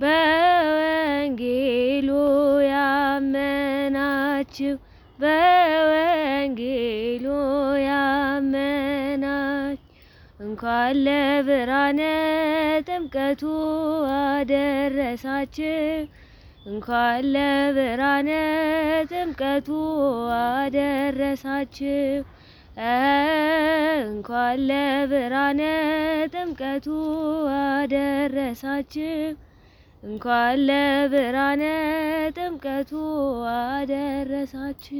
በወንጌሉ ያመናችሁ በወንጌሉ ያመናችሁ እንኳን ለብርሃነ ጥምቀቱ አደረሳችሁ እንኳን ለብርሃነ ጥምቀቱ አደረሳችሁ እንኳን ለብርሃነ ጥምቀቱ አደረሳችሁ። እንኳን ለብርሃነ ጥምቀቱ አደረሳችሁ።